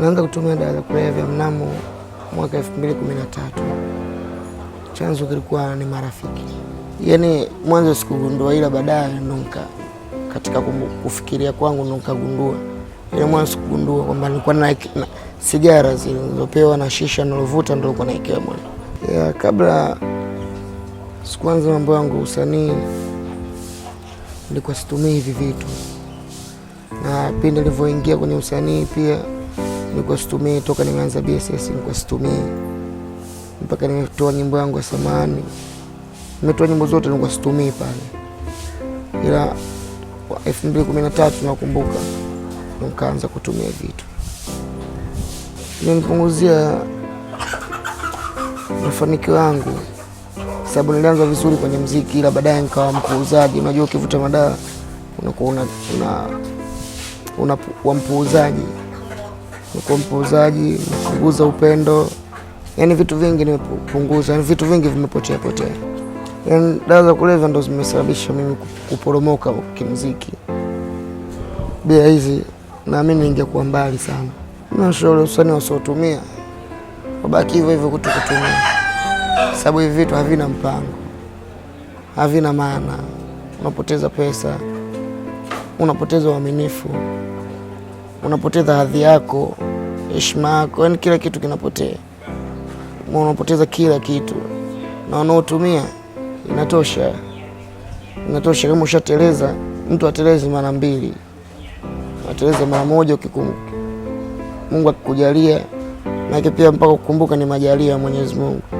Nimeanza kutumia dawa za kulevya mnamo mwaka 2013. Chanzo kilikuwa ni marafiki, yaani mwanzo sikugundua, ila baadaye ndo katika kufikiria kwangu ndo nikagundua, ile yaani mwanzo sikugundua kwamba nilikuwa na sigara zilizopewa na shisha nilovuta ndo nilikuwa naekea mwana ya kabla sikuanza mambo yangu usanii nilikuwa situmii hivi vitu, na pindi nilivyoingia kwenye usanii pia nilikuwa situmii toka nimeanza BSS, niko situmii mpaka nimetoa nyimbo yangu ya samani, nimetoa nyimbo zote niko situmii pale, ila elfu mbili kumi na tatu nakumbuka nikaanza kutumia vitu, nilipunguzia mafanikio yangu sababu nilianza vizuri kwenye mziki, ila baadaye nikawa mpuuzaji. Unajua, ukivuta madawa unakuwa una, una, una, una, una mpuuzaji nilikuwa mpuuzaji, kupunguza upendo, yani vitu vingi nimepunguza, yani vitu vingi vimepotea potea. Yani dawa za kulevya ndo zimesababisha mimi kuporomoka kimuziki. Bila hizi naamini ningekuwa mbali sana. Nashauri usani wasiotumia wabaki hivyo hivyo kutu kutumia, sababu hivi vitu havina mpango, havina maana. Unapoteza pesa, unapoteza uaminifu unapoteza hadhi yako, heshima yako, yani kila kitu kinapotea, unapoteza kila kitu, na wanaotumia inatosha, inatosha. Kama ushateleza, mtu atelezi mara mbili, ateleza mara moja, ukikumbuka Mungu akikujalia, na pia mpaka kukumbuka ni majalia ya Mwenyezi Mungu.